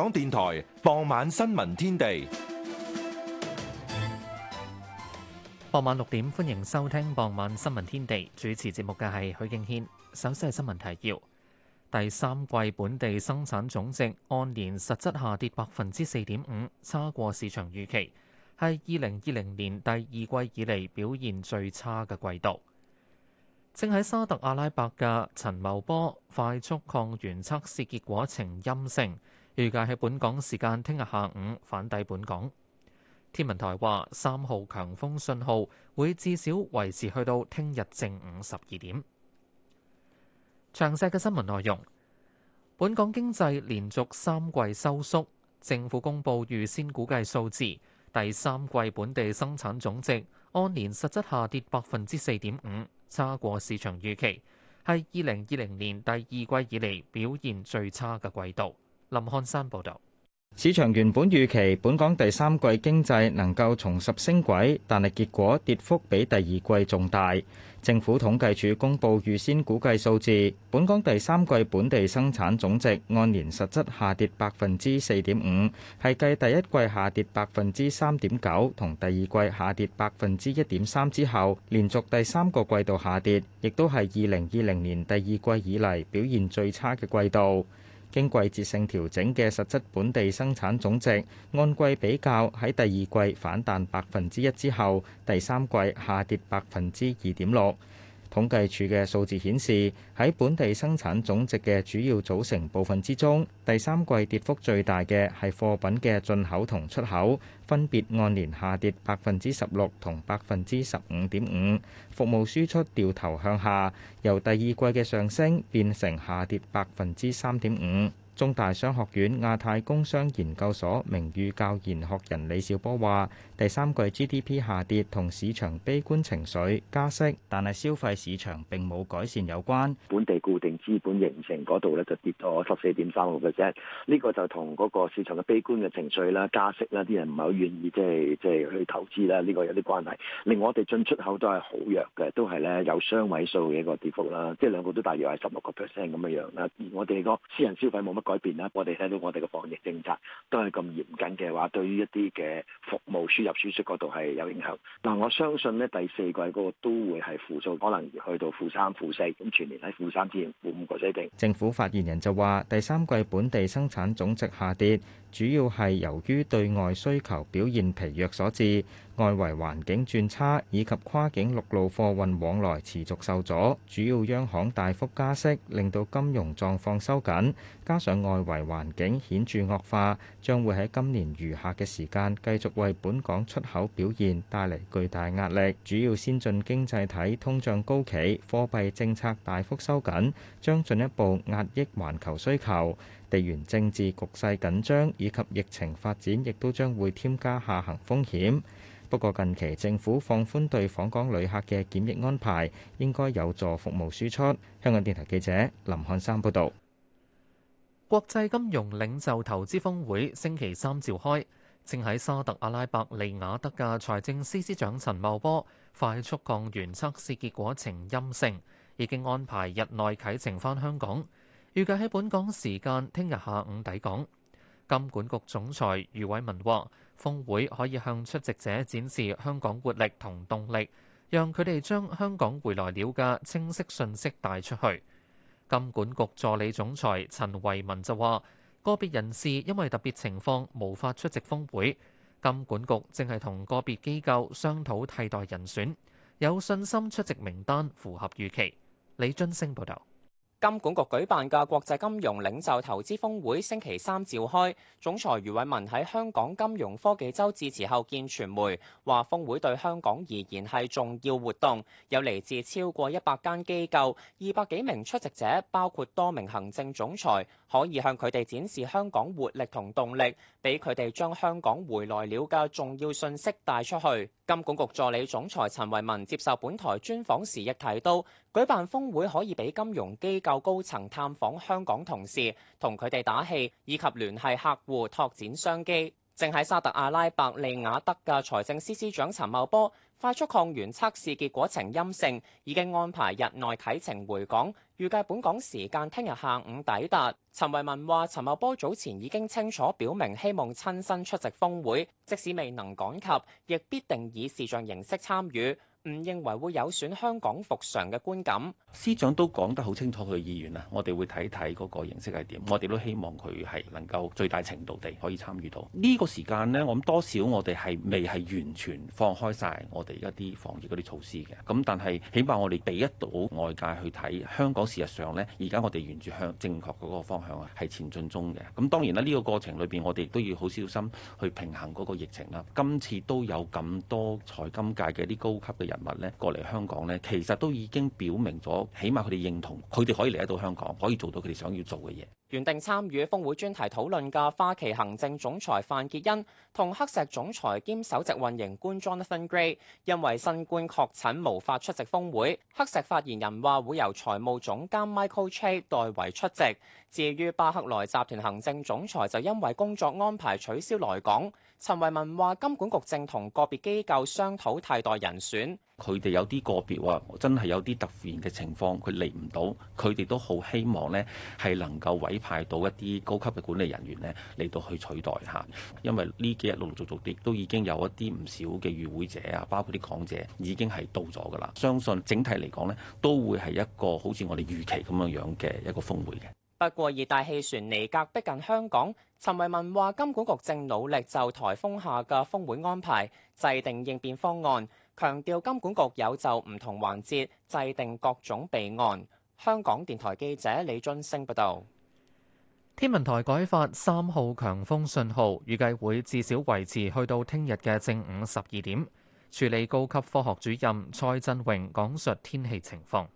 香港電台傍晚新聞天地，傍晚六點，歡迎收聽傍晚新聞天地。主持節目嘅係許敬軒。首先係新聞提要：第三季本地生產總值按年實質下跌百分之四點五，差過市場預期，係二零二零年第二季以嚟表現最差嘅季度。正喺沙特阿拉伯嘅陳茂波快速抗原測試結果呈陰性。預計喺本港時間聽日下午返抵本港。天文台話，三號強風信號會至少維持去到聽日正午十二點。長石嘅新聞內容：本港經濟連續三季收縮，政府公布預先估計數字，第三季本地生產總值按年實質下跌百分之四點五，差過市場預期，係二零二零年第二季以嚟表現最差嘅季度。林漢山報道：市場原本預期本港第三季經濟能夠重拾升軌，但係結果，跌幅比第二季仲大。政府統計處公布預先估計數字，本港第三季本地生產總值按年實質下跌百分之四點五，係繼第一季下跌百分之三點九，同第二季下跌百分之一點三之後，連續第三個季度下跌，亦都係二零二零年第二季以嚟表現最差嘅季度。經季節性調整嘅實質本地生產總值，按季比較，喺第二季反彈百分之一之後，第三季下跌百分之二點六。統計處嘅數字顯示，喺本地生產總值嘅主要組成部分之中，第三季跌幅最大嘅係貨品嘅進口同出口，分別按年下跌百分之十六同百分之十五點五。服務輸出掉頭向下，由第二季嘅上升變成下跌百分之三點五。中大商學院亞太工商研究所名譽教研學人李兆波話，第三季 GDP 下跌同市場悲觀情緒加息，但係消費市場並冇改善有關。本地固定資本形成嗰度咧就跌咗十四點三個 percent，呢個就同嗰個市場嘅悲觀嘅情緒啦、加息啦，啲人唔係好願意即係即係去投資啦，呢個有啲關係。令我哋進出口都係好弱嘅，都係咧有雙位數嘅一個跌幅啦，即係兩個都大約係十六個 percent 咁嘅樣啦。而我哋個私人消費冇乜改變啦！我哋睇到我哋嘅防疫政策都係咁嚴謹嘅話，對於一啲嘅服務輸入輸出嗰度係有影響。但我相信呢第四季嗰個都會係負數，可能去到負三、負四，咁全年喺負三至負五個水平。政府發言人就話：第三季本地生產總值下跌，主要係由於對外需求表現疲弱所致。外圍環境轉差，以及跨境陸路貨運往來持續受阻，主要央行大幅加息，令到金融狀況收緊，加上外圍環境顯著惡化，將會喺今年餘下嘅時間繼續為本港出口表現帶嚟巨大壓力。主要先進經濟體通脹高企，貨幣政策大幅收緊，將進一步壓抑環球需求。地緣政治局勢緊張，以及疫情發展，亦都將會添加下行風險。不過近期政府放寬對訪港旅客嘅檢疫安排，應該有助服務輸出。香港電台記者林漢山報導。國際金融領袖投資峰會星期三召開，正喺沙特阿拉伯利雅德嘅財政司司長陳茂波快速抗原測試結果呈陰性，已經安排日內啟程返香港，預計喺本港時間聽日下午抵港。金管局總裁余偉文話。峰會可以向出席者展示香港活力同動力，讓佢哋將香港回來了嘅清晰信息帶出去。金管局助理總裁陳慧文就話個別人士因為特別情況無法出席峰會，金管局正係同個別機構商討替代人選，有信心出席名單符合預期。李津升報道。金管局舉辦嘅國際金融領袖投資峰會星期三召開，總裁余偉文喺香港金融科技周致辭後見傳媒，話峰會對香港而言係重要活動，有嚟自超過一百間機構、二百幾名出席者，包括多名行政總裁，可以向佢哋展示香港活力同動力，俾佢哋將香港回來了嘅重要信息帶出去。金管局助理總裁陳維文接受本台專訪時亦提到。舉辦峰會可以俾金融機構高層探訪香港同事，同佢哋打氣，以及聯繫客戶拓展商機。正喺沙特阿拉伯利雅得嘅財政司司長陳茂波快速抗原測試結果呈陰性，已經安排日內啟程回港，預計本港時間聽日下午抵達。陳偉文話：陳茂波早前已經清楚表明希望親身出席峰會，即使未能趕及，亦必定以視像形式參與。唔認為會有損香港復常嘅觀感。司長都講得好清楚佢嘅意願啊，我哋會睇睇嗰個形式係點，我哋都希望佢係能夠最大程度地可以參與到呢個時間咧。我諗多少我哋係未係完全放開晒，我哋而家啲防疫嗰啲措施嘅。咁但係起碼我哋俾一到外界去睇，香港事實上咧，而家我哋沿住向正確嗰個方向啊，係前進中嘅。咁當然啦，呢個過程裏邊我哋都要好小心去平衡嗰個疫情啦。今次都有咁多財金界嘅啲高級。嘅。人物咧過嚟香港咧，其實都已經表明咗，起碼佢哋認同，佢哋可以嚟得到香港，可以做到佢哋想要做嘅嘢。原定參與峰會專題討論嘅花旗行政總裁范潔恩同黑石總裁兼首席運營官 Jonathan Gray，因為新冠確診無法出席峰會。黑石發言人話會由財務總監 Michael Che 代為出席。至於巴克萊集團行政總裁就因為工作安排取消來港，陳維文話，金管局正同個別機構商討替代人選。佢哋有啲個別話，真係有啲突然嘅情況，佢嚟唔到，佢哋都好希望呢係能夠委派到一啲高級嘅管理人員呢嚟到去取代吓。因為呢幾日陸陸續續亦都已經有一啲唔少嘅與會者啊，包括啲講者已經係到咗㗎喇。相信整體嚟講呢，都會係一個好似我哋預期咁樣樣嘅一個峰會嘅。不過，熱帶氣旋尼格逼近香港，陳維文話：金管局正努力就颱風下嘅峰會安排制定應變方案，強調金管局有就唔同環節制定各種備案。香港電台記者李津升報道，天文台改發三號強風信號，預計會至少維持去到聽日嘅正午十二點。處理高級科學主任蔡振榮講述天氣情況。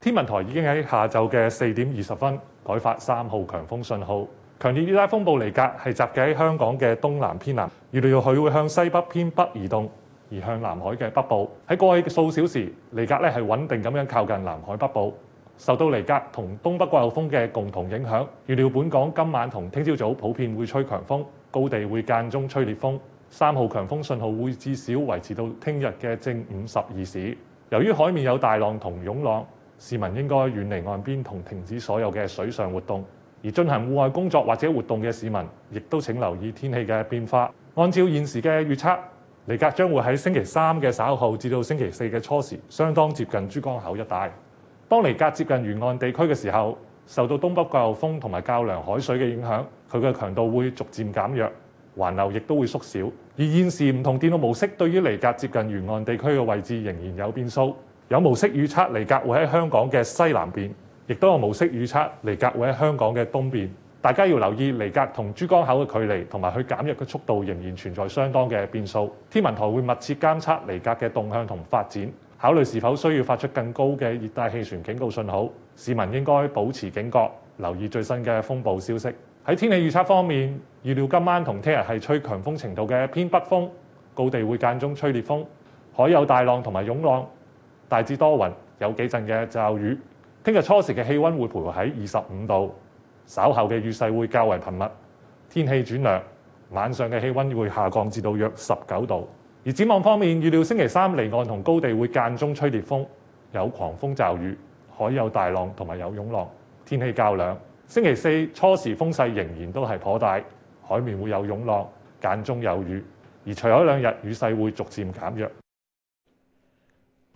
天文台已經喺下晝嘅四點二十分改發三號強風信號。強烈熱帶風暴尼格係集結喺香港嘅東南偏南，預料佢會向西北偏北移動，而向南海嘅北部喺過去數小時，尼格咧係穩定咁樣靠近南海北部，受到尼格同東北季候風嘅共同影響，預料本港今晚同聽朝早普遍會吹強風，高地會間中吹烈風。三號強風信號會至少維持到聽日嘅正午十二時。由於海面有大浪同湧浪。市民應該遠離岸邊同停止所有嘅水上活動，而進行戶外工作或者活動嘅市民，亦都請留意天氣嘅變化。按照現時嘅預測，尼格將會喺星期三嘅稍後至到星期四嘅初時，相當接近珠江口一帶。當尼格接近沿岸地區嘅時候，受到東北季候風同埋較涼海水嘅影響，佢嘅強度會逐漸減弱，環流亦都會縮小。而現時唔同電腦模式對於尼格接近沿岸地區嘅位置仍然有變數。有模式預測，尼格會喺香港嘅西南邊，亦都有模式預測，尼格會喺香港嘅東邊。大家要留意尼格同珠江口嘅距離，同埋佢減弱嘅速度仍然存在相當嘅變數。天文台會密切監察尼格嘅動向同發展，考慮是否需要發出更高嘅熱帶氣旋警告信號。市民應該保持警覺，留意最新嘅風暴消息。喺天氣預測方面，預料今晚同聽日係吹強風程度嘅偏北風，高地會間中吹烈風，海有大浪同埋湧浪。大致多雲，有幾陣嘅驟雨。聽日初時嘅氣温會徘徊喺二十五度，稍後嘅雨勢會較為頻密，天氣轉涼，晚上嘅氣温會下降至到約十九度。而展望方面，預料星期三離岸同高地會間中吹烈風，有狂風驟雨，海有大浪同埋有湧浪，天氣較涼。星期四初時風勢仍然都係頗大，海面會有湧浪，間中有雨。而隨後兩日雨勢會逐漸減弱。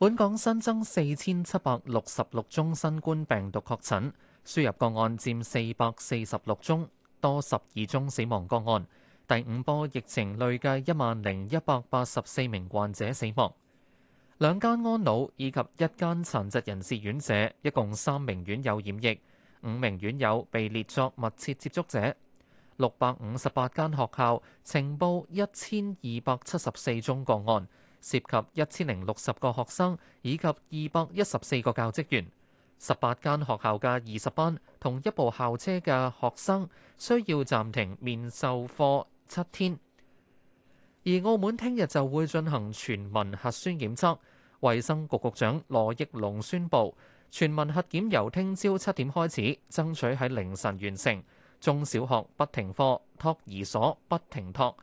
本港新增四千七百六十六宗新冠病毒確診，輸入個案佔四百四十六宗，多十二宗死亡個案。第五波疫情累計一萬零一百八十四名患者死亡。兩間安老以及一間殘疾人士院舍，一共三名院友染疫，五名院友被列作密切接觸者。六百五十八間學校呈報一千二百七十四宗個案。涉及一千零六十個學生以及二百一十四個教職員，十八間學校嘅二十班同一部校車嘅學生需要暫停面授課七天。而澳門聽日就會進行全民核酸檢測，衛生局局長羅益龍宣布，全民核檢由聽朝七點開始，爭取喺凌晨完成。中小學不停課，托兒所不停托。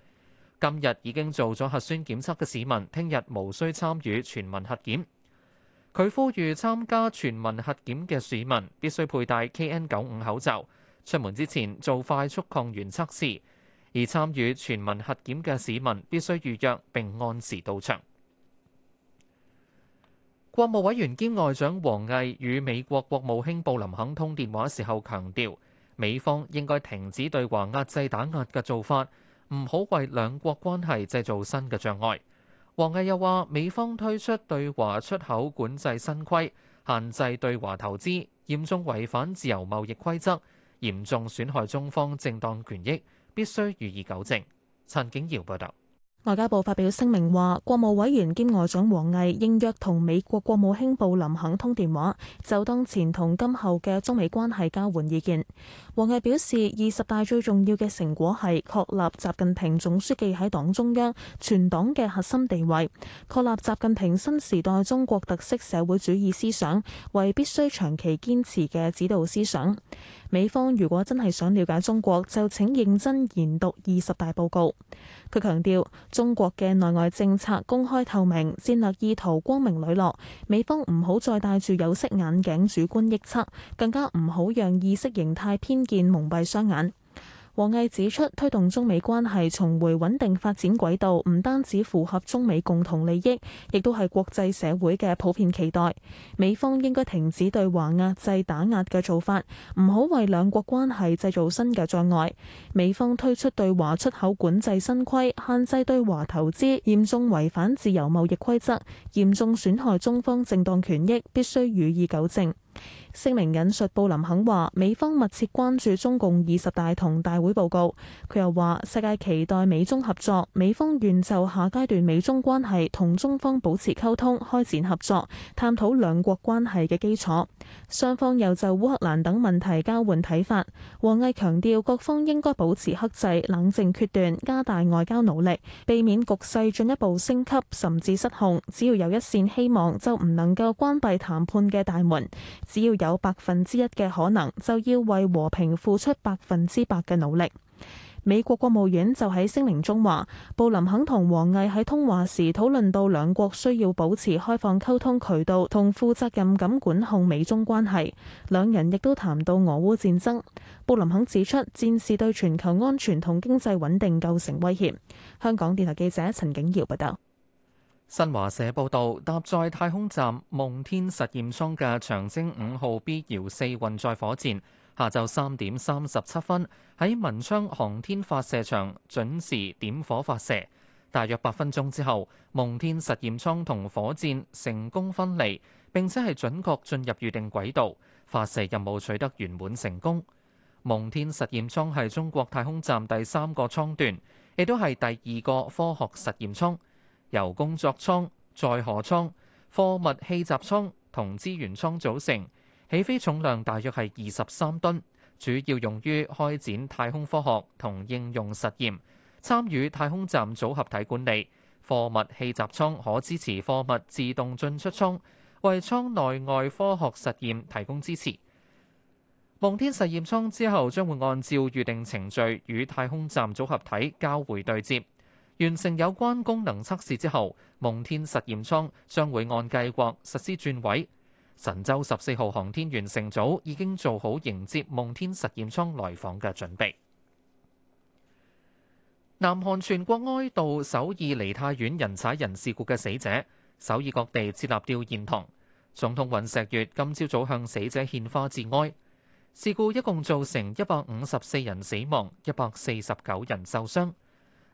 今日已經做咗核酸檢測嘅市民，聽日無需參與全民核檢。佢呼籲參加全民核檢嘅市民必須佩戴 KN 九五口罩，出門之前做快速抗原測試。而參與全民核檢嘅市民必須預約並按時到場。國務委員兼外長王毅與美國國務卿布林肯通電話時候強調，美方應該停止對華壓制打壓嘅做法。唔好為兩國關係製造新嘅障礙。王毅又話：美方推出對華出口管制新規，限制對華投資，嚴重違反自由貿易規則，嚴重損害中方正當權益，必須予以糾正。陳景堯報道。外交部發表聲明話，國務委員兼外長王毅應約同美國國務卿布林肯通電話，就當前同今後嘅中美關係交換意見。王毅表示，二十大最重要嘅成果係確立習近平總書記喺黨中央全黨嘅核心地位，確立習近平新時代中國特色社會主義思想，為必須長期堅持嘅指導思想。美方如果真係想了解中國，就請認真研讀二十大報告。佢強調，中國嘅內外政策公開透明，戰略意圖光明磊落。美方唔好再戴住有色眼鏡主觀臆測，更加唔好讓意識形態偏見蒙蔽雙眼。王毅指出，推動中美關係重回穩定發展軌道，唔單止符合中美共同利益，亦都係國際社會嘅普遍期待。美方應該停止對華壓制打壓嘅做法，唔好為兩國關係製造新嘅障礙。美方推出對華出口管制新規，限制對華投資，嚴重違反自由貿易規則，嚴重損害中方正當權益，必須予以糾正。聲明引述布林肯話：美方密切關注中共二十大同大會報告。佢又話：世界期待美中合作，美方願就下階段美中關係同中方保持溝通、開展合作、探討兩國關係嘅基礎。雙方又就烏克蘭等問題交換睇法。王毅強調：各方應該保持克制、冷靜決斷，加大外交努力，避免局勢進一步升級甚至失控。只要有一線希望，就唔能夠關閉談判嘅大門。只要有有百分之一嘅可能，就要為和平付出百分之百嘅努力。美國國務院就喺聲明中話，布林肯同王毅喺通話時討論到兩國需要保持開放溝通渠道，同負責任咁管控美中關係。兩人亦都談到俄烏戰爭。布林肯指出，戰事對全球安全同經濟穩定構成威脅。香港電台記者陳景瑤報道。新華社報道，搭載太空站夢天實驗艙嘅長征五號 B 遙四運載火箭，下晝三點三十七分喺文昌航天發射場準時點火發射。大約八分鐘之後，夢天實驗艙同火箭成功分離，並且係準確進入預定軌道，發射任務取得圓滿成功。夢天實驗艙係中國太空站第三個艙段，亦都係第二個科學實驗艙。由工作艙、載荷艙、貨物氣閘艙同資源艙組成，起飛重量大約係二十三噸，主要用於開展太空科學同應用實驗，參與太空站組合體管理。貨物氣閘艙可支持貨物自動進出艙，為艙內外科學實驗提供支持。望天實驗艙之後將會按照預定程序與太空站組合體交會對接。完成有關功能測試之後，夢天實驗艙將會按計劃實施轉位。神舟十四號航天員乘組已經做好迎接夢天實驗艙來訪嘅準備。南韓全國哀悼首爾梨泰院人踩人事故嘅死者，首爾各地設立吊唁堂。總統尹錫悅今朝早向死者獻花致哀。事故一共造成一百五十四人死亡，一百四十九人受傷。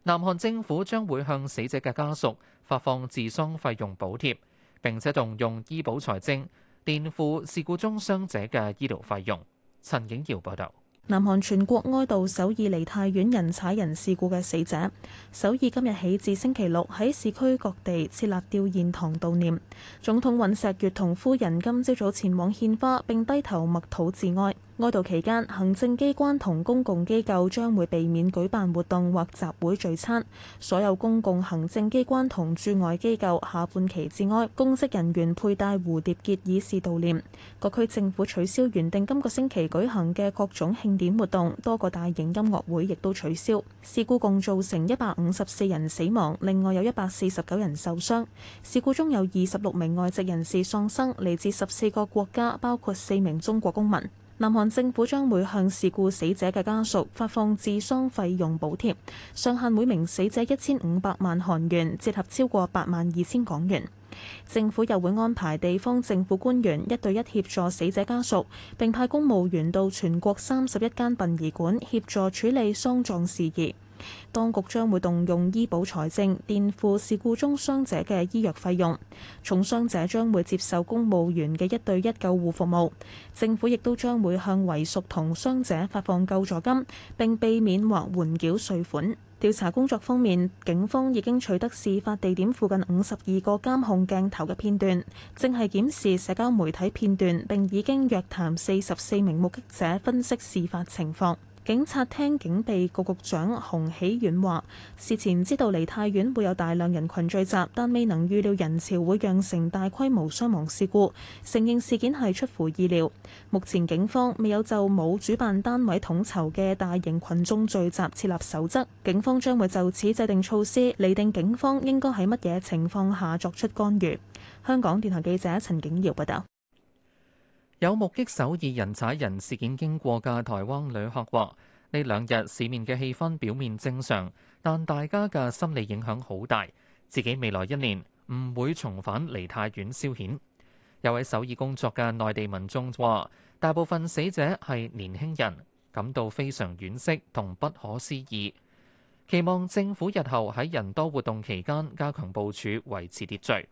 南韓政府將會向死者嘅家屬發放治喪費用補貼，並且動用醫保財政墊付事故中傷者嘅醫療費用。陳景耀報道，南韓全國哀悼首爾梨泰院人踩人事故嘅死者。首爾今日起至星期六喺市區各地設立吊唁堂悼念。總統尹錫悅同夫人今朝早前往獻花並低頭默禱致哀。哀悼期間，行政機關同公共機構將會避免舉辦活動或集會聚餐。所有公共行政機關同駐外機構下半旗致哀，公職人員佩戴蝴蝶結以示悼念。各區政府取消原定今個星期舉行嘅各種慶典活動，多個大型音樂會亦都取消。事故共造成一百五十四人死亡，另外有一百四十九人受傷。事故中有二十六名外籍人士喪生，嚟自十四個國家，包括四名中國公民。南韓政府將會向事故死者嘅家屬發放治喪費用補貼，上限每名死者一千五百萬韓元，折合超過八萬二千港元。政府又會安排地方政府官員一對一協助死者家屬，並派公務員到全國三十一間殯儀館協助處理喪葬事宜。當局將會動用醫保財政墊付事故中傷者嘅醫藥費用，重傷者將會接受公務員嘅一對一救護服務。政府亦都將會向遺屬同傷者發放救助金，並避免或緩繳稅款。調查工作方面，警方已經取得事發地點附近五十二個監控鏡頭嘅片段，正係檢視社交媒體片段，並已經約談四十四名目擊者分析事發情況。警察廳警備局局長洪喜遠話：事前知道梨泰院會有大量人群聚集，但未能預料人潮會釀成大規模傷亡事故，承認事件係出乎意料。目前警方未有就冇主辦單位統籌嘅大型群眾聚集設立守則，警方將會就此制定措施，釐定警方應該喺乜嘢情況下作出干預。香港電台記者陳景堯報道。有目擊首爾人踩人事件經過嘅台灣旅客話：呢兩日市面嘅氣氛表面正常，但大家嘅心理影響好大。自己未來一年唔會重返梨泰院消遣。有位首爾工作嘅內地民眾話：大部分死者係年輕人，感到非常惋惜同不可思議。期望政府日後喺人多活動期間加強部署，維持秩序。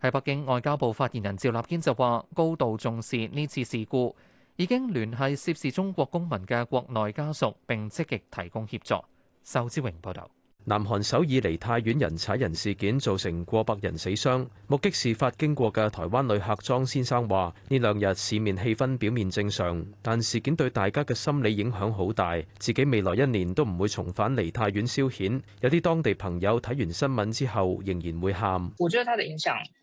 喺北京，外交部發言人趙立堅就話：高度重視呢次事故，已經聯繫涉事中國公民嘅國內家屬，並積極提供協助。仇志榮報導。南韓首爾梨泰院人踩人事件造成過百人死傷，目擊事發經過嘅台灣旅客莊先生話：呢兩日市面氣氛表面正常，但事件對大家嘅心理影響好大，自己未來一年都唔會重返梨泰院消遣。有啲當地朋友睇完新聞之後仍然會喊。我覺得它的影響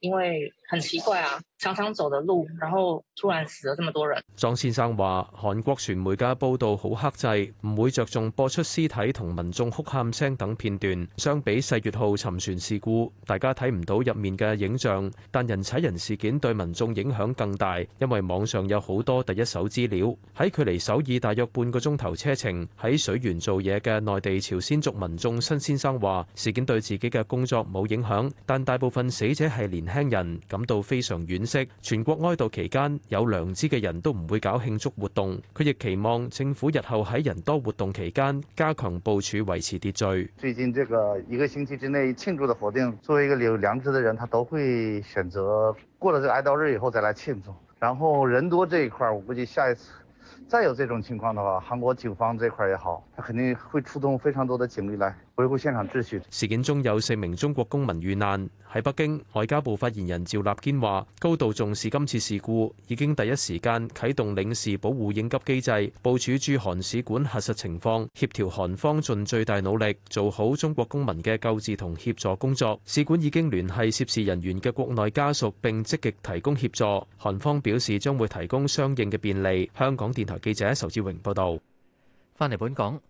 因為很奇怪啊，常常走的路，然後突然死了這麼多人。莊先生話，韓國傳媒嘅報道好克制，唔會着重播出屍體同民眾哭喊聲等片段。相比世越號沉船事故，大家睇唔到入面嘅影像，但人踩人事件對民眾影響更大，因為網上有好多第一手資料。喺距離首爾大約半個鐘頭車程，喺水原做嘢嘅內地朝鮮族民眾申先生話，事件對自己嘅工作冇影響，但大部分死者係年年輕人感到非常惋惜。全國哀悼期間，有良知嘅人都唔會搞慶祝活動。佢亦期望政府日後喺人多活動期間加強部署，維持秩序。最近這個一個星期之內慶祝的活動，作為一個有良知的人，他都會選擇過了這個哀悼日以後再來慶祝。然後人多這一塊，我估計下一次再有這種情況的話，韓國警方這塊也好，他肯定會出動非常多的警力來。維護現場秩序。事件中有四名中國公民遇難。喺北京，外交部發言人趙立堅話：高度重視今次事故，已經第一時間啟動領事保護應急機制，部署駐韓使館核實情況，協調韓方盡最大努力做好中國公民嘅救治同協助工作。使館已經聯繫涉事人員嘅國內家屬，並積極提供協助。韓方表示將會提供相應嘅便利。香港電台記者仇志榮報道。翻嚟本港。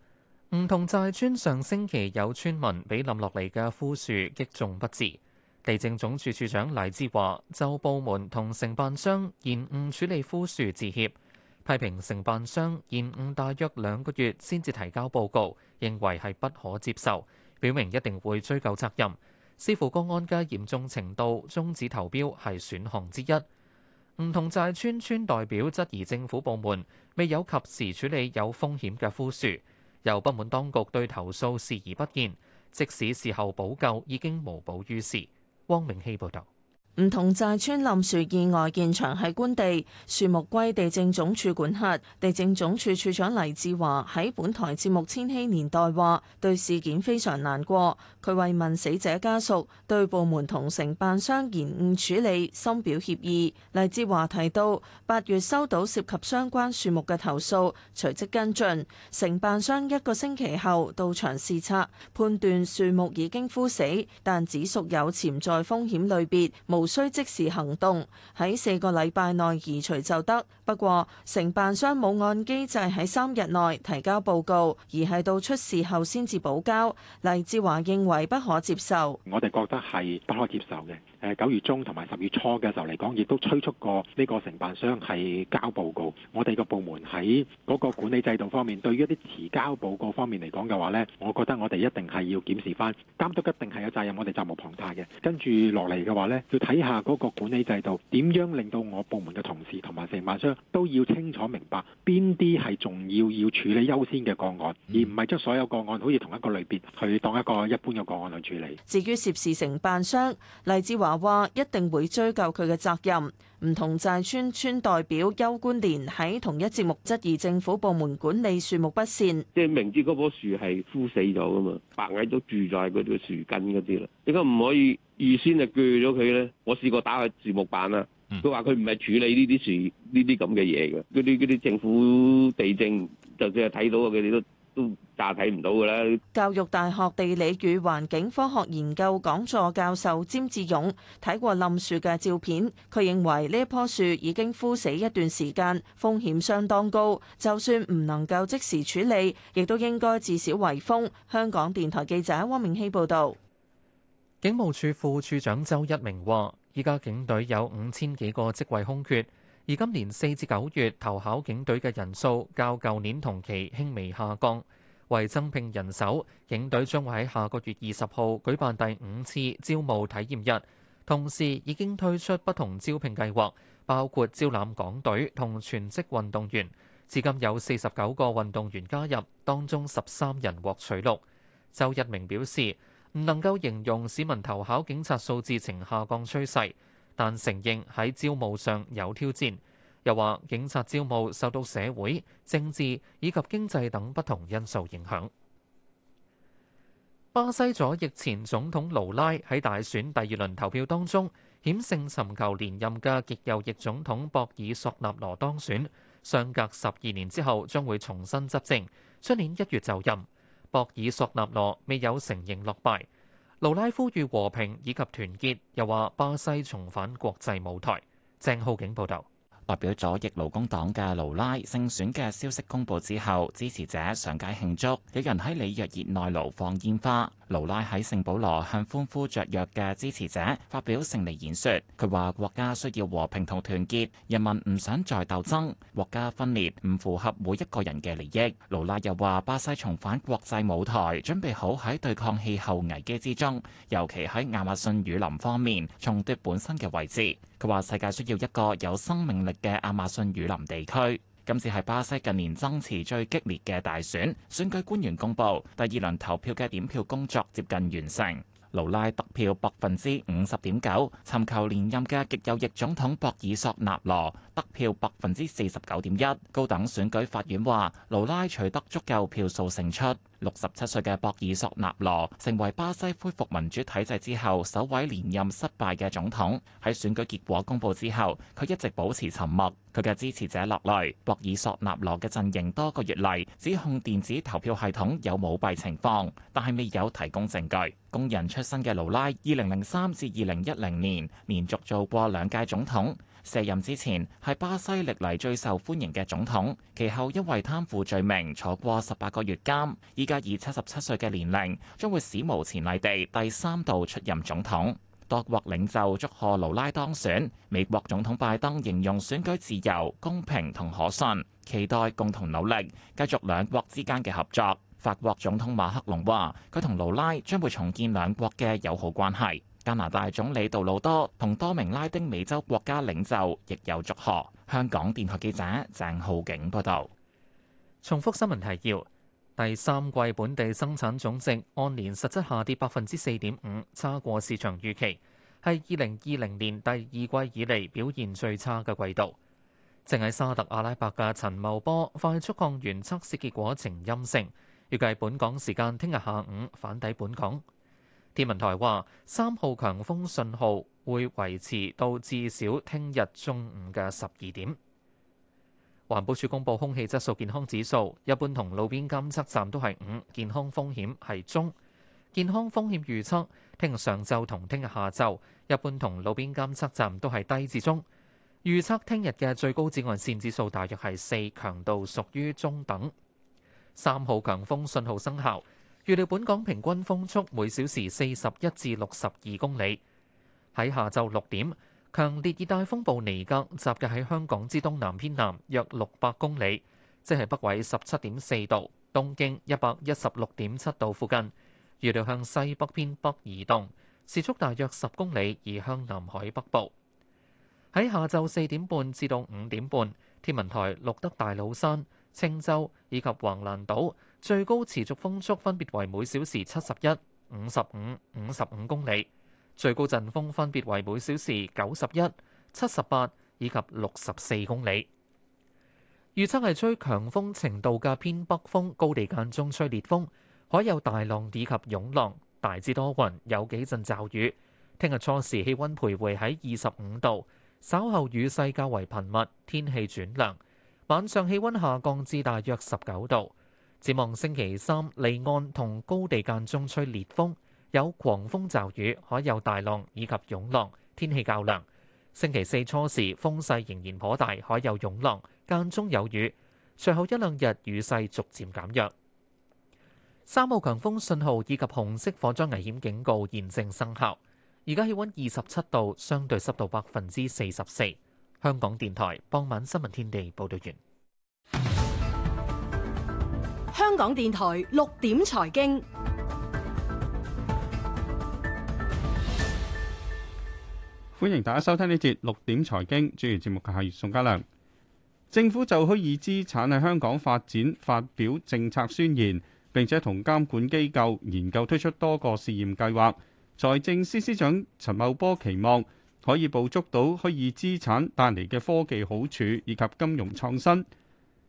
唔梧桐寨村上星期有村民俾冧落嚟嘅枯樹擊中不治。地政總署署長黎志華，就部門同承辦商延誤處理枯樹致歉，批評承辦商延誤大約兩個月先至提交報告，認為係不可接受，表明一定會追究責任。視乎個案嘅嚴重程度，終止投標係選項之一。唔梧桐寨村村代表質疑政府部門未有及時處理有風險嘅枯樹。由不滿當局對投訴視而不見，即使事後補救已經無補於事。汪明希報道。唔同寨村冧樹意外現場係官地，樹木歸地政總署管轄。地政總署署長黎志華喺本台節目《千禧年代》話：對事件非常難過，佢慰問死者家屬，對部門同承辦商延誤處理深表歉意。黎志華提到，八月收到涉及相關樹木嘅投訴，隨即跟進，承辦商一個星期後到場視察，判斷樹木已經枯死，但只屬有潛在風險類別，無無需即時行動，喺四個禮拜內移除就得。不過，承辦商冇按機制喺三日內提交報告，而係到出事後先至補交。黎志華認為不可接受。我哋覺得係不可接受嘅。誒九月中同埋十月初嘅時候嚟講，亦都催促過呢個承辦商係交報告。我哋個部門喺嗰個管理制度方面，對於一啲遲交報告方面嚟講嘅話咧，我覺得我哋一定係要檢視翻監督，一定係有責任，我哋責無旁貸嘅。跟住落嚟嘅話咧，要睇下嗰個管理制度點樣令到我部門嘅同事同埋承辦商都要清楚明白邊啲係重要要處理優先嘅個案，而唔係將所有個案好似同一個類別去當一個一般嘅個案去處理。至於涉事承辦商，黎志華。話一定會追究佢嘅責任。唔同寨村村代表邱官連喺同一節目質疑政府部門管理樹木不善，即係明知嗰棵樹係枯死咗噶嘛，白蟻都住喺嗰條樹根嗰啲啦，點解唔可以預先就鋸咗佢咧？我試過打去樹木板啦，佢話佢唔係處理呢啲樹呢啲咁嘅嘢嘅，嗰啲啲政府地政就算係睇到啊，佢哋都。架教育大學地理與環境科學研究講座教授詹志勇睇過冧樹嘅照片，佢認為呢一棵樹已經枯死一段時間，風險相當高。就算唔能夠即時處理，亦都應該至少圍封。香港電台記者汪明希報道。警務處副處長周一明話，依家警隊有五千幾個職位空缺。而今年四至九月投考警隊嘅人數較舊年同期輕微下降，為增聘人手，警隊將會喺下個月二十號舉辦第五次招募體驗日，同時已經推出不同招聘計劃，包括招攬港隊同全職運動員，至今有四十九個運動員加入，當中十三人獲取錄，周一鳴表示，唔能夠形容市民投考警察數字呈下降趨勢。但承認喺招募上有挑戰，又話警察招募受到社會、政治以及經濟等不同因素影響。巴西左翼前總統盧拉喺大選第二輪投票當中險勝，尋求連任嘅極右翼總統博爾索納羅當選，相隔十二年之後將會重新執政，出年一月就任。博爾索納羅未有承認落敗。盧拉呼籲和平以及團結，又話巴西重返國際舞台。鄭浩景報道。代表左翼勞工黨嘅勞拉勝選嘅消息公佈之後，支持者上街慶祝，有人喺里約熱內盧放煙花。勞拉喺聖保羅向歡呼雀躍嘅支持者發表勝利演說，佢話國家需要和平同團結，人民唔想再鬥爭，國家分裂唔符合每一個人嘅利益。勞拉又話巴西重返國際舞台，準備好喺對抗氣候危機之中，尤其喺亞馬遜雨林方面重奪本身嘅位置。佢話世界需要一個有生命力嘅亞馬遜雨林地區，今次係巴西近年爭持最激烈嘅大選，選舉官員公佈第二輪投票嘅點票工作接近完成。盧拉得票百分之五十點九，尋求連任嘅極右翼總統博爾索納羅得票百分之四十九點一。高等選舉法院話盧拉取得足夠票數勝出。六十七歲嘅博爾索納羅成為巴西恢復民主體制之後首位連任失敗嘅總統。喺選舉結果公佈之後，佢一直保持沉默。佢嘅支持者落淚。博爾索納羅嘅陣營多個月嚟指控電子投票系統有舞弊情況，但係未有提供證據。工人出身嘅盧拉，二零零三至二零一零年連續做過兩屆總統。卸任之前係巴西歷嚟最受歡迎嘅總統，其後因為貪腐罪名坐過十八個月監，依家以七十七歲嘅年齡將會史無前例地第三度出任總統，多國領袖祝賀盧拉當選，美國總統拜登形容選舉自由、公平同可信，期待共同努力繼續兩國之間嘅合作。法國總統馬克龍話，佢同盧拉將會重建兩國嘅友好關係。加拿大總理杜魯多同多名拉丁美洲國家領袖亦有祝賀。香港電台記者鄭浩景報道。重複新聞提要：第三季本地生產總值按年實質下跌百分之四點五，差過市場預期，係二零二零年第二季以嚟表現最差嘅季度。正喺沙特阿拉伯嘅陳茂波快速抗原測試結果呈陰性，預計本港時間聽日下午返抵本港。天文台話，三號強風信號會維持到至少聽日中午嘅十二點。環保署公布空氣質素健康指數，一般同路邊監測站都係五，健康風險係中。健康風險預測，聽日上晝同聽日下晝，一般同路邊監測站都係低至中。預測聽日嘅最高紫外線指數大約係四，強度屬於中等。三號強風信號生效。預料本港平均風速每小時四十一至六十二公里。喺下晝六點，強烈熱帶風暴尼格集結喺香港之東南偏南約六百公里，即係北緯十七點四度、東經一百一十六點七度附近。預料向西北偏北移動，時速大約十公里，移向南海北部。喺下晝四點半至到五點半，天文台錄得大老山、青洲以及橫瀾島最高持續風速分別為每小時七十一、五十五、五十五公里；最高陣風分別為每小時九十一、七十八以及六十四公里。預測係吹強風程度嘅偏北風，高地間中吹烈風，海有大浪以及湧浪，大致多雲，有幾陣驟雨。聽日初時氣溫徘徊喺二十五度，稍後雨勢較為頻密，天氣轉涼，晚上氣溫下降至大約十九度。展望星期三，離岸同高地間中吹烈風，有狂風驟雨，海有大浪以及湧浪，天氣較涼。星期四初時風勢仍然頗大，海有湧浪，間中有雨。隨後一兩日雨勢逐漸減弱。三號強風信號以及紅色火災危險警告現正生效。而家氣溫二十七度，相對濕度百分之四十四。香港電台傍晚新聞天地報導完。香港電台六點財經，歡迎大家收聽呢節六點財經，主持節目嘅係宋家良。政府就虛擬資產喺香港發展發表政策宣言，並且同監管機構研究推出多個試驗計劃。財政司司長陳茂波期望可以捕捉到虛擬資產帶嚟嘅科技好處以及金融創新。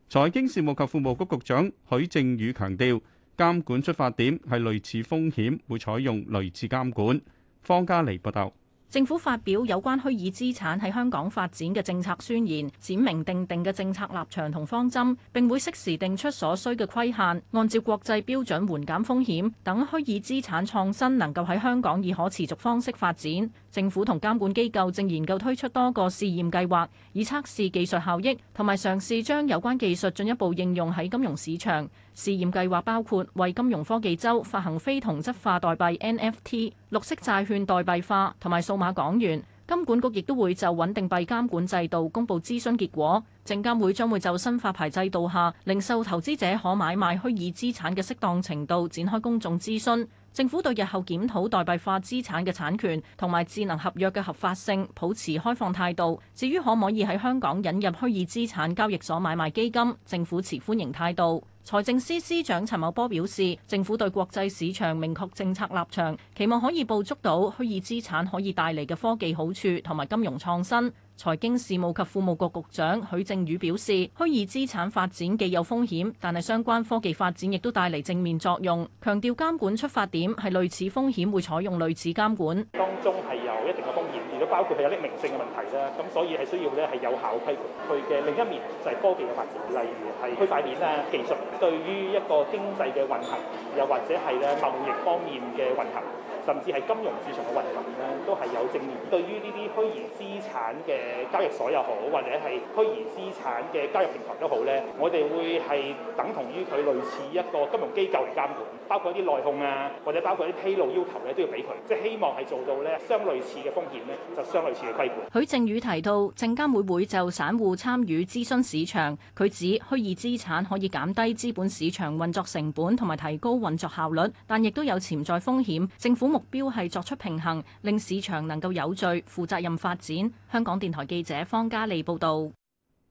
財經事務及庫務局局長許正宇強調，監管出發點係類似風險，會採用類似監管。方家莉報道，政府發表有關虛擬資產喺香港發展嘅政策宣言，展明定定嘅政策立場同方針，並會適時定出所需嘅規限，按照國際標準緩減風險，等虛擬資產創新能夠喺香港以可持續方式發展。政府同監管機構正研究推出多個試驗計劃，以測試技術效益，同埋嘗試將有關技術進一步應用喺金融市場。試驗計劃包括為金融科技周發行非同質化代幣 NFT、綠色債券代幣化，同埋數碼港元。金管局亦都會就穩定幣監管制度公佈諮詢結果，證監會將會就新發牌制度下零售投資者可買賣虛擬資產嘅適當程度展開公眾諮詢。政府對日後檢討代幣化資產嘅產權同埋智能合約嘅合法性，保持開放態度。至於可唔可以喺香港引入虛擬資產交易所買賣基金，政府持歡迎態度。財政司司長陳茂波表示，政府對國際市場明確政策立場，期望可以捕捉到虛擬資產可以帶嚟嘅科技好處同埋金融創新。財經事務及庫務局局長許正宇表示，虛擬資產發展既有風險，但係相關科技發展亦都帶嚟正面作用，強調監管出發點係類似風險會採用類似監管，當中係有一定嘅風險。包括係有匿名性嘅問題啦，咁所以係需要咧係有效規管。佢嘅另一面就係科技嘅發展，例如係區塊鏈啊、技術 對於一個經濟嘅運行，又或者係咧貿易方面嘅運行。甚至係金融市場嘅運作入面咧，都係有正面。對於呢啲虛擬資產嘅交易所又好，或者係虛擬資產嘅交易平台都好咧，我哋會係等同於佢類似一個金融機構嚟監管，包括啲內控啊，或者包括啲披露要求咧，都要俾佢。即係希望係做到咧，相類似嘅風險咧，就相類似嘅規管。許正宇提到，證監會會就散戶參與諮詢市場。佢指虛擬資產可以減低資本市場運作成本同埋提高運作效率，但亦都有潛在風險。政府目標係作出平衡，令市場能夠有序、負責任發展。香港電台記者方嘉莉報導。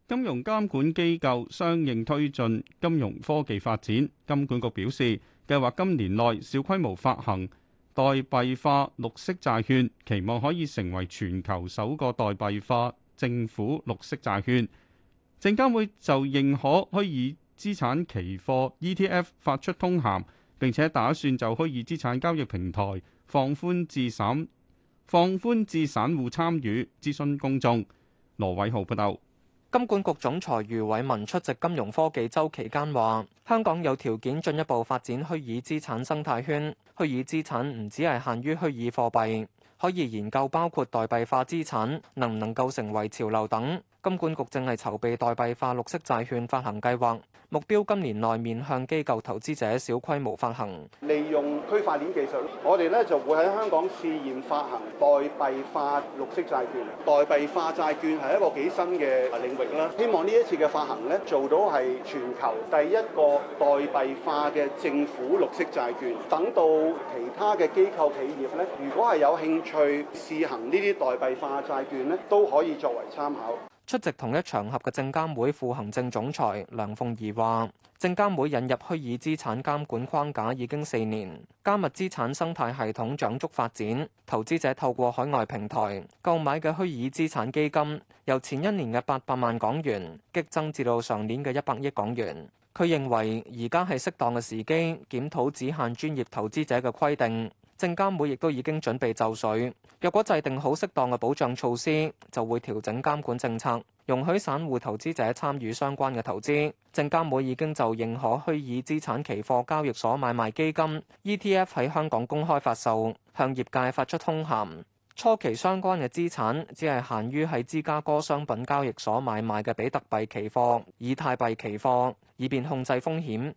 金融監管機構相應推進金融科技發展。金管局表示，計劃今年內小規模發行代幣化綠色債券，期望可以成為全球首個代幣化政府綠色債券。證監會就認可虛擬資產期貨 ETF 發出通函。並且打算就虛擬資產交易平台放寬至散放寬至散戶參與，諮詢公眾。羅偉豪報道。金管局總裁余偉文出席金融科技週期間話：香港有條件進一步發展虛擬資產生態圈。虛擬資產唔只係限於虛擬貨幣，可以研究包括代幣化資產能唔能夠成為潮流等。金管局正係籌備代幣化綠色債券發行計劃，目標今年內面向機構投資者小規模發行。利用區塊鏈技術，我哋呢就會喺香港試驗發行代幣化綠色債券。代幣化債券係一個幾新嘅領域啦。希望呢一次嘅發行呢做到係全球第一個代幣化嘅政府綠色債券。等到其他嘅機構企業呢，如果係有興趣試行呢啲代幣化債券呢，都可以作為參考。出席同一場合嘅證監會副行政總裁梁鳳儀話，證監會引入虛擬資產監管框架已經四年，加密資產生態系統長足發展，投資者透過海外平台購買嘅虛擬資產基金，由前一年嘅八百萬港元激增至到上年嘅一百億港元。佢認為而家係適當嘅時機檢討只限專業投資者嘅規定。證監會亦都已經準備就緒，若果制定好適當嘅保障措施，就會調整監管政策，容許散戶投資者參與相關嘅投資。證監會已經就認可虛擬資產期貨交易所買賣基金、ETF 喺香港公開發售，向業界發出通函。初期相關嘅資產只係限於喺芝加哥商品交易所買賣嘅比特幣期貨、以太幣期貨，以便控制風險。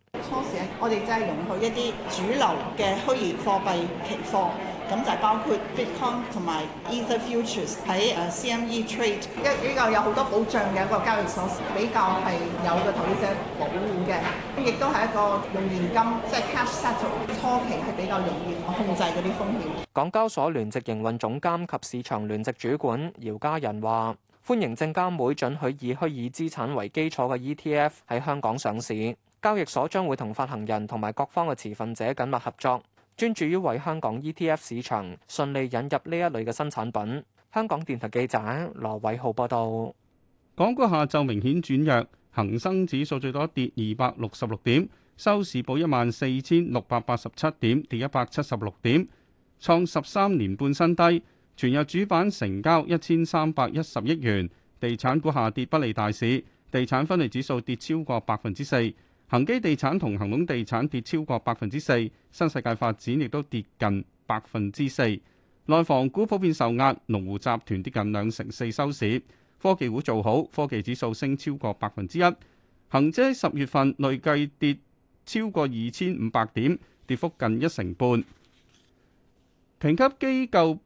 我哋就係容許一啲主流嘅虛擬貨幣期貨，咁就係包括 Bitcoin 同埋 Ether Futures 喺誒 CME Trade。一呢個有好多保障嘅一個交易所，比較係有個投資者保護嘅，咁亦都係一個用現金即係、就是、cash settle 初期，係比較容易控制嗰啲風險。港交所聯席營運總監及市場聯席主管姚嘉仁話：歡迎證監會准許以虛擬資產為基礎嘅 ETF 喺香港上市。交易所將會同發行人同埋各方嘅持份者緊密合作，專注於為香港 ETF 市場順利引入呢一類嘅新產品。香港電台記者羅偉浩報道。港股下晝明顯轉弱，恒生指數最多跌二百六十六點，收市報一萬四千六百八十七點，跌一百七十六點，創十三年半新低。全日主板成交一千三百一十億元，地產股下跌不利大市，地產分類指數跌超過百分之四。恒基地產同恒隆地產跌超過百分之四，新世界發展亦都跌近百分之四。內房股普遍受壓，龍湖集團跌近兩成四收市。科技股做好，科技指數升超過百分之一。恒指十月份累計跌超過二千五百點，跌幅近一成半。評級機構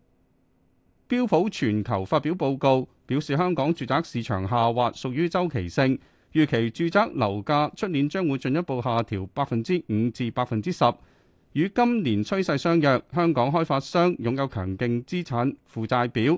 標普全球發表報告，表示香港住宅市場下滑屬於週期性。預期住宅樓價出年將會進一步下調百分之五至百分之十，與今年趨勢相若。香港開發商擁有強勁資產負債表、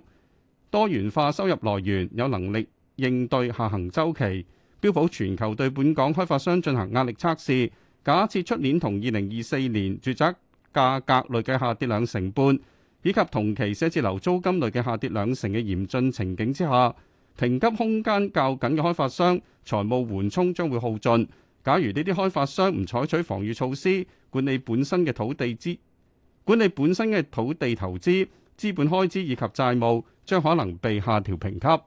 多元化收入來源，有能力應對下行周期。標普全球對本港開發商進行壓力測試，假設出年同二零二四年住宅價格累計下跌兩成半，以及同期寫字樓租金累計下跌兩成嘅嚴峻情景之下。評級空間較緊嘅開發商財務緩衝將會耗盡。假如呢啲開發商唔採取防禦措施，管理本身嘅土地資管理本身嘅土地投資、資本開支以及債務，將可能被下調評級。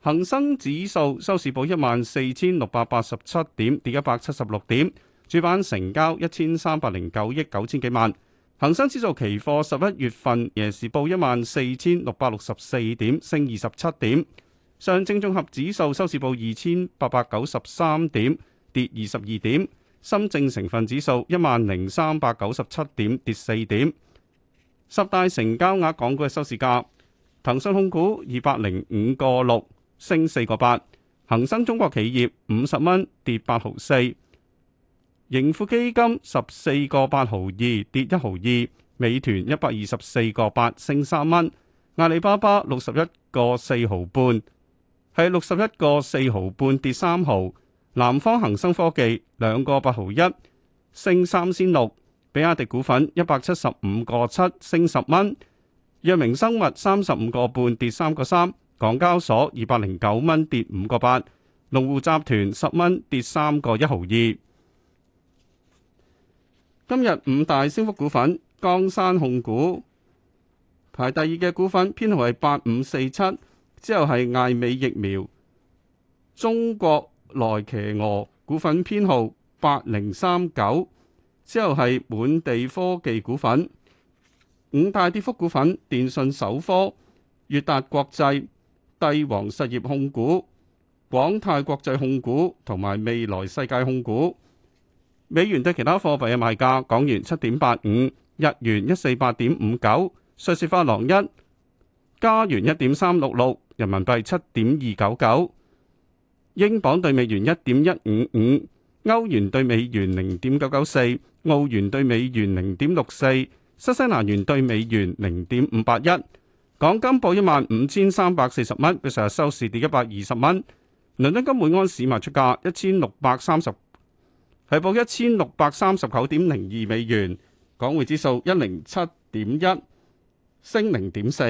恒生指數收市報一萬四千六百八十七點，跌一百七十六點。主板成交一千三百零九億九千幾萬。恒生指數期貨十一月份夜市報一萬四千六百六十四點，升二十七點。上證綜合指數收市報二千八百九十三點，跌二十二點。深證成分指數一萬零三百九十七點，跌四點。十大成交額港股嘅收市價：騰訊控股二百零五個六，升四個八。恒生中國企業五十蚊，跌八毫四。盈富基金十四個八毫二，跌一毫二；美團一百二十四個八，升三蚊；阿里巴巴六十一個四毫半，係六十一個四毫半，跌三毫；南方恒生科技兩個八毫一，升三仙六；比亞迪股份一百七十五個七，升十蚊；藥明生物三十五個半，跌三個三；港交所二百零九蚊，跌五個八；龍湖集團十蚊，跌三個一毫二。今日五大升幅股份，江山控股排第二嘅股份編號係八五四七，之後係艾美疫苗，中國來騎鵝股份編號八零三九，之後係滿地科技股份。五大跌幅股份，電訊首科、粵達國際、帝王實業控股、廣泰國際控股同埋未來世界控股。美元對其他貨幣嘅賣價：港元七點八五，日元一四八點五九，瑞士法郎一，加元一點三六六，人民幣七點二九九，英鎊兌美元一點一五五，歐元兌美元零點九九四，澳元兌美元零點六四，新西蘭元兌美元零點五八一。港金報一萬五千三百四十蚊，比成日收市跌一百二十蚊。倫敦金每安士賣出價一千六百三十。係報一千六百三十九點零二美元，港匯指數一零七點一，升零點四。